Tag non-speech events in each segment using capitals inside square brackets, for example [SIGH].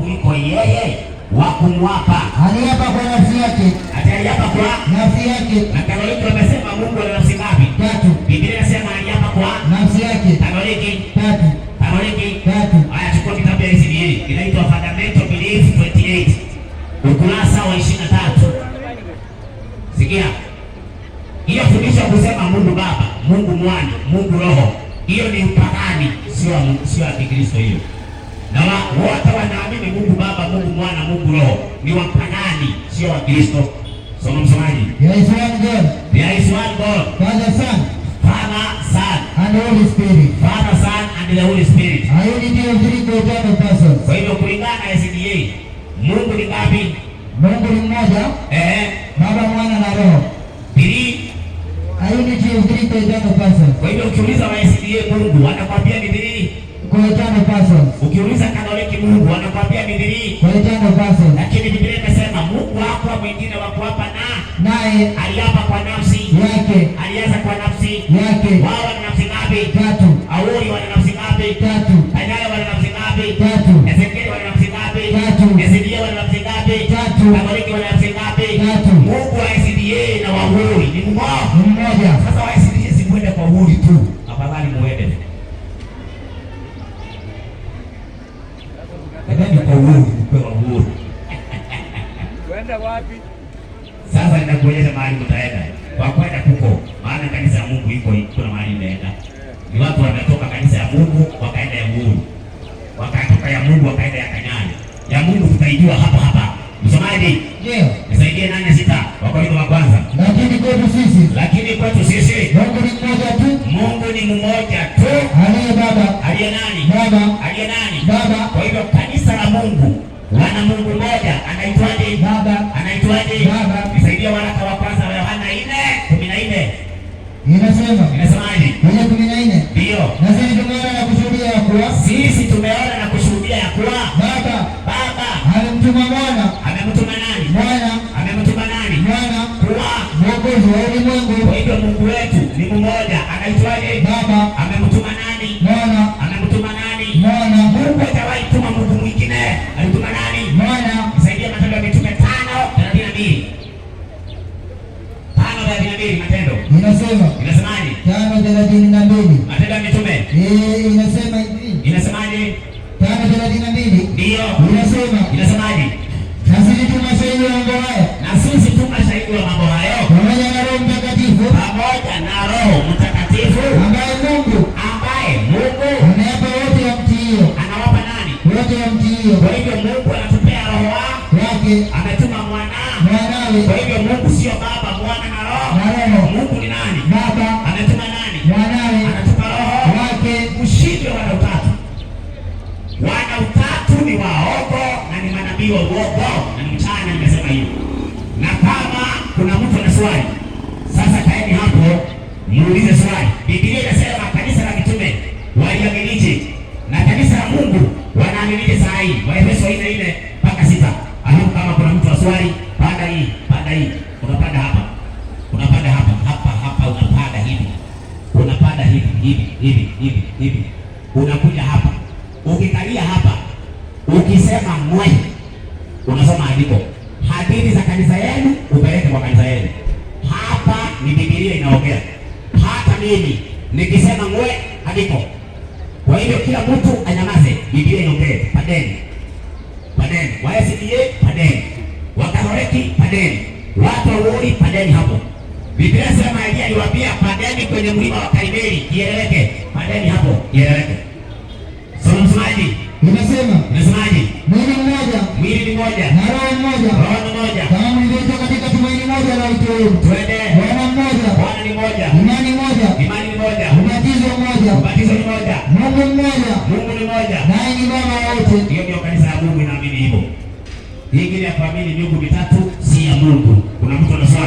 kuliko yeye wa kumwapa. Aliapa kwa nafsi yake, ataliapa kwa nafsi yake. Na Katoliki wamesema Mungu ana nafsi ngapi? Tatu. Biblia inasema aliapa kwa nafsi yake. Katoliki tatu, Katoliki tatu. Haya, chukua kitabu ya Ezekieli inaitwa Fundamental Belief 28 ukurasa wa 23. Sikia hiyo fundisho kusema Mungu Baba, Mungu Mwana, Mungu Roho, hiyo ni upagani, sio sio ya Kikristo hiyo na wote wanaamini Mungu Baba, Mungu Mwana, Mungu Roho ni wapagani, sio wa Kristo. Soma msomaji. There is one God. There is one God. Father, Son. Father, Son. And the Holy Spirit. Father, Son, and the Holy Spirit. A unity of three co-eternal persons. Kwa hivyo kulingana na SDA, Mungu ni ngapi? Mungu ni mmoja. Eh. Baba, Mwana na Roho. Three. A unity of three co-eternal persons. Kwa hivyo ukiuliza wa Ukiuliza Katoliki Mungu anakuambia Biblia, lakini Biblia imesema Mungu hakuwa mwingine wa kuapa, na naye aliapa kwa nafsi yake. Alianza kwa nafsi yake. Wao wana nafsi ngapi? Tatu. Auli wana nafsi ngapi? Tatu. Danieli wana nafsi ngapi? Tatu. Ezekieli wana nafsi ngapi? Tatu. Hezekia wana nafsi ngapi? Tatu. Mungu wakaenda ya Mungu, wakatoka ya Mungu wakaenda ya Kanaani. Ya Mungu tutaijua hapa hapa. Msomaji, ndio nisaidie nane sita Wakorintho wa kwanza. Lakini kwetu sisi, lakini kwetu sisi Mungu ni mmoja tu, Mungu ni mmoja tu, aliye Baba, aliye nani? Baba, aliye nani? Baba. Kwa hivyo kanisa la Mungu wana Mungu mmoja, anaitwaje? Baba, anaitwaje? Baba. Nisaidie waraka wa kwanza wa Yohana 4:14 inasema, inasemaje? 4:14 ndio nasema inasema inasemaje? tano thelathini na mbili Matendo ya Mitume eh, inasema hivi, inasemaje? tano thelathini na mbili ndio inasema, inasemaje? na sisi tu mashahidi wa mambo hayo, na sisi tu mashahidi wa mambo hayo, pamoja na Roho Mtakatifu, pamoja na Roho Mtakatifu ambaye Mungu ambaye Mungu anawapa wote wamtiio, anawapa nani? Wote wamtiio swali sasa. Kaeni hapo muulize swali. Biblia inasema kanisa la mitume waliaminije na kanisa la Mungu wanaaminije saa hii? Waefeso ile ile mpaka sita. Alafu kama kuna mtu aswali, swali, panda hii, panda hii, unapanda hapa, unapanda hapa, hapa, hapa, unapanda hivi, unapanda hivi hivi hivi hivi hivi, unakuja hapa, ukikalia hapa, ukisema mwe, unasoma andiko, hadithi za kanisa yenu upeleke kwa kanisa yenu ni Biblia inaongea, hata mimi nikisema ngwe hadipo. Kwa hivyo kila mtu anyamaze, Biblia inaongea. Padeni, padeni waesiie, padeni wakaroreki, padeni watu wauri, padeni hapo. Biblia sema Elia aliwaambia padeni kwenye mlima wa Karmeli, kieleweke, padeni hapo, kieleweke. So msemaji nimesema, msemaji mwili mmoja, mwili mmoja, roho mmoja, roho mmoja, damu iliyotoka moja na utulivu. Twende. Bwana mmoja. Bwana ni mmoja. Imani moja. Imani ni moja. Ubatizo mmoja. Ubatizo ni moja. Mungu mmoja. Mungu ni moja. Naye ni Baba wa wote. Hiyo ndio kanisa la Mungu inaamini hivyo. Hii ingine ya kuamini miungu mitatu si ya Mungu. Kuna mtu anasema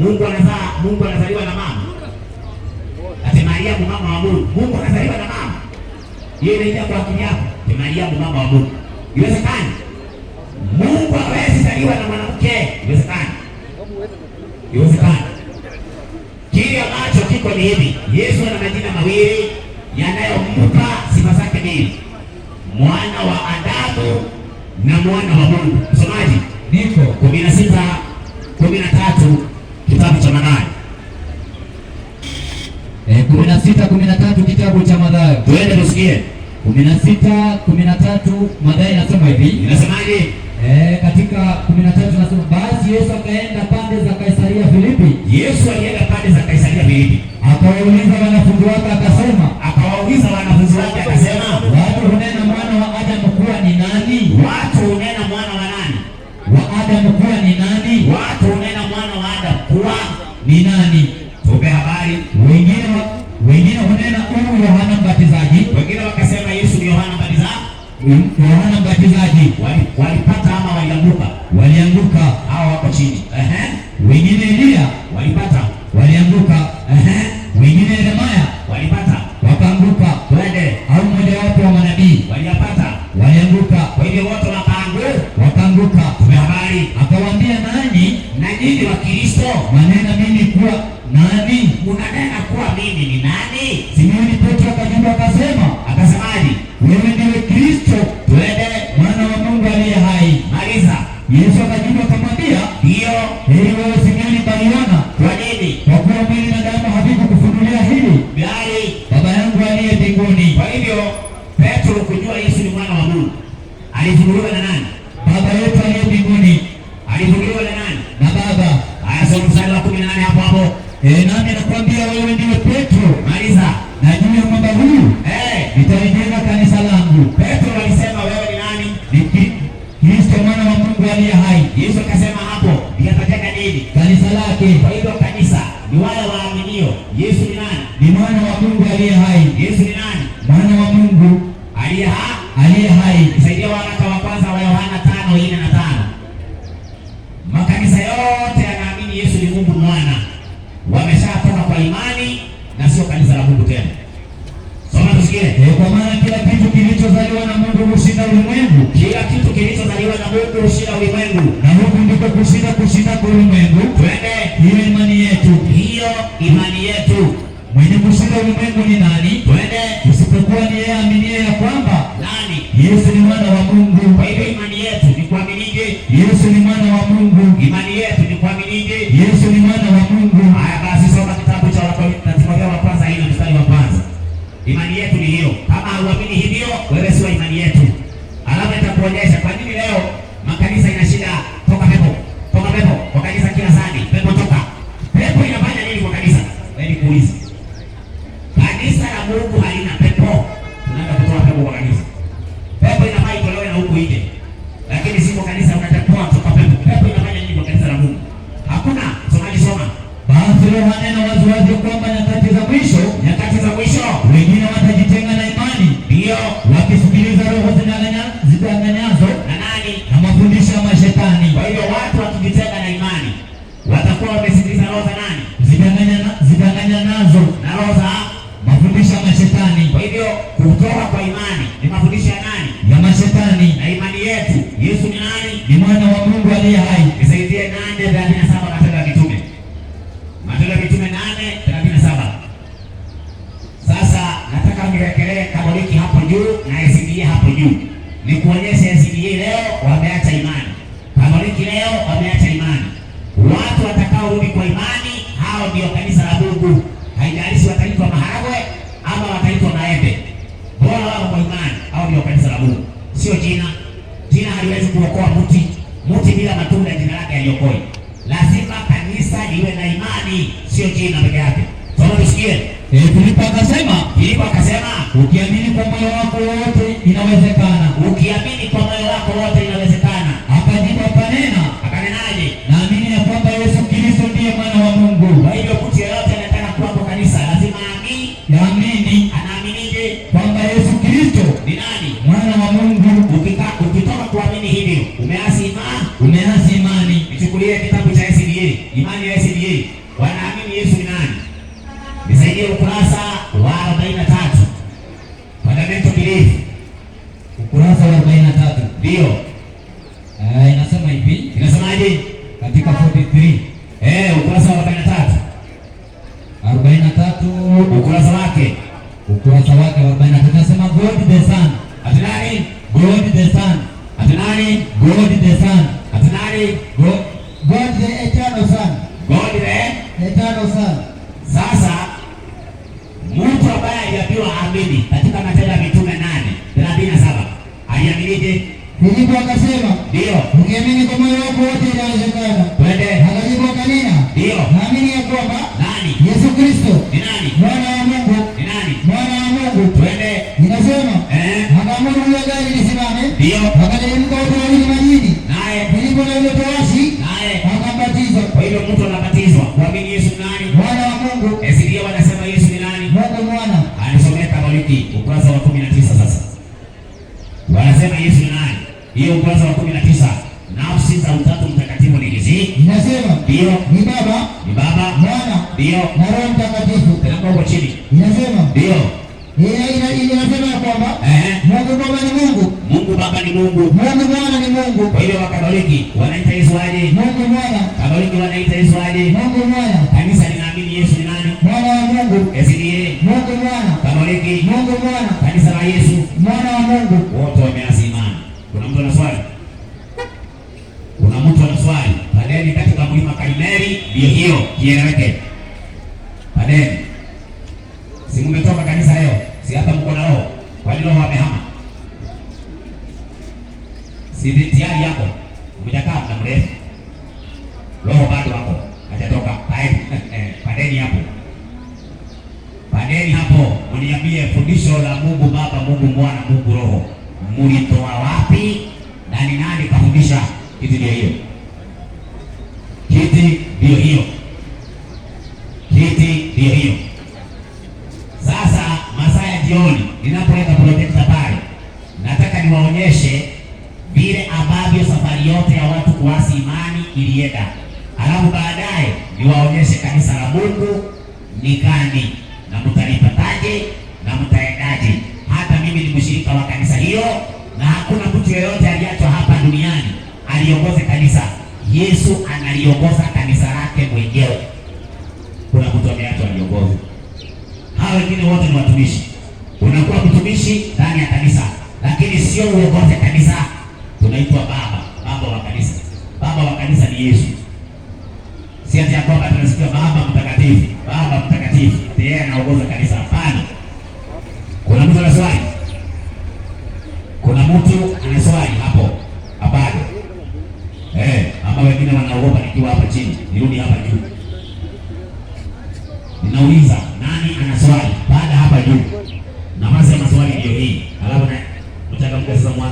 Mungu anazaa, Mungu anazaliwa na mama. Ati Maria ni mama wa Mungu. Mungu anazaliwa na mama. Yeye inaenda kwa akili yako. Ati ni mama wa Mungu. Iwezekani? Mungu hawezi zaliwa na mwanamke. Iwezekani? Iwezekani? Kile ambacho kiko ni hivi. Yesu ana majina mawili yanayompa sifa zake mbili. Mwana wa Adamu na mwana wa Mungu. Msomaji, niko 16 16 13 kitabu cha Mathayo. Tuende tusikie. 16 13 Mathayo inasema hivi. Inasemaje? Eh, katika 13 nasema basi Yesu akaenda pande za Kaisaria Filipi. Yesu alienda pande za Kaisaria Filipi. Akawauliza wanafunzi wake akasema Obrigado. Gracias. kuongea. Soma tusikie. Eh, kwa maana kila kitu kilichozaliwa na Mungu hushinda ulimwengu. Kila kitu kilichozaliwa na Mungu hushinda ulimwengu. Na huku ndiko kushinda kushinda kwa ulimwengu. Twende. Hiyo imani yetu. Hiyo imani yetu. Mwenye kushinda ulimwengu ni nani? Twende. Isipokuwa ni yeye aaminiye ya kwamba nani? Yesu ni mwana wa Mungu. Kwa hiyo imani yetu ni kuaminije? Yesu ni mwana wa Mungu. Imani yetu ni kuaminije? Yesu ni mwana mashetani. Kwa hivyo kutoka kwa imani ni mafundisho ya nani? Ya mashetani. Na imani yetu Yesu ni nani? Ni mwana wa Mungu aliye hai. Nisaidie nane thelathini na saba Matendo ya Mitume, Matendo ya Mitume nane thelathini na saba. Sasa nataka niwekelee Katoliki hapo juu na ACDA hapo juu, ni kuonyesha ACDA leo wameacha imani, Katoliki leo wameacha imani, watu watakaorudi kwa imani sio jina. Jina haliwezi kuokoa mti. Mti bila matunda jina lake haliokoi. Lazima kanisa liwe na imani, sio jina peke yake. tusikie. Eh, Filipo akasema, Filipo akasema, Ndio. Eh, inasema hivi. Inasemaje? Katika 43. Eh, ukurasa wa 43. 43 ukurasa wake. Ukurasa wake wa 43 inasema God the Son. Atinani? God the Son. Atinani? God the Son. Atinani? God the Eternal Son. God the Eternal Son. wakaenda wawili majini, naye Filipo na yule towashi, naye wakabatizwa. Kwa hilo mtu anabatizwa kuamini Yesu nani, mwana wa Mungu. Ezekiel wanasema Yesu ni nani, Mungu mwana. Alisomea Tamaliki ukurasa wa 19. Sasa wanasema Yesu ni nani, hiyo ukurasa wa 19. Nafsi za Utatu Mtakatifu ni hizi, inasema ndio ni Baba, ni Baba, Mwana ndio na Roho Mtakatifu. Tena kwa chini inasema ndio Eh, inasema kwamba eh. Mungu Baba ni Mungu, Mungu Baba ni Mungu, Mungu Mwana ni Mungu. Kwa hiyo Wakatoliki wanaita Yesu aje? Mungu Mwana. Katoliki wanaita Yesu aje? Mungu Mwana. Kanisa linaamini Yesu ni nani? Mwana wa Mungu. Yesu Mungu Mwana. Katoliki. Mungu Mwana. Kanisa la Yesu. Mwana wa Mungu. Wote wameasi imani. Kuna mtu ana swali? Kuna mtu ana swali? Padeni katika mlima Karimeli ndio hiyo, kieleweke. Padeni. Si mumetoka kanisa leo? si hata kwa nao walio wamehama, si mitihani yako umejakaa muda mrefu, roho bado wako hajatoka. Padeni [LAUGHS] eh, hapo, padeni hapo, uniambie fundisho la Mungu Baba, Mungu Mwana, Mungu Roho mulitoa wapi na ni nani kafundisha kitu hiyo? na mtaendaje. Hata mimi ni mshirika wa kanisa hiyo, na hakuna mtu yeyote aliachwa hapa duniani aliongoze kanisa. Yesu analiongoza kanisa lake mwenyewe. Kuna mtu ameachwa aliongoze, hao wengine wote ni watumishi. Unakuwa mtumishi ndani ya kanisa, lakini sio uongoze kanisa. Tunaitwa baba, baba wa kanisa. Baba wa kanisa ni Yesu. Siati ya kwamba tunasikia baba mtakatifu, baba mtakatifu ndiye anaongoza kanisa.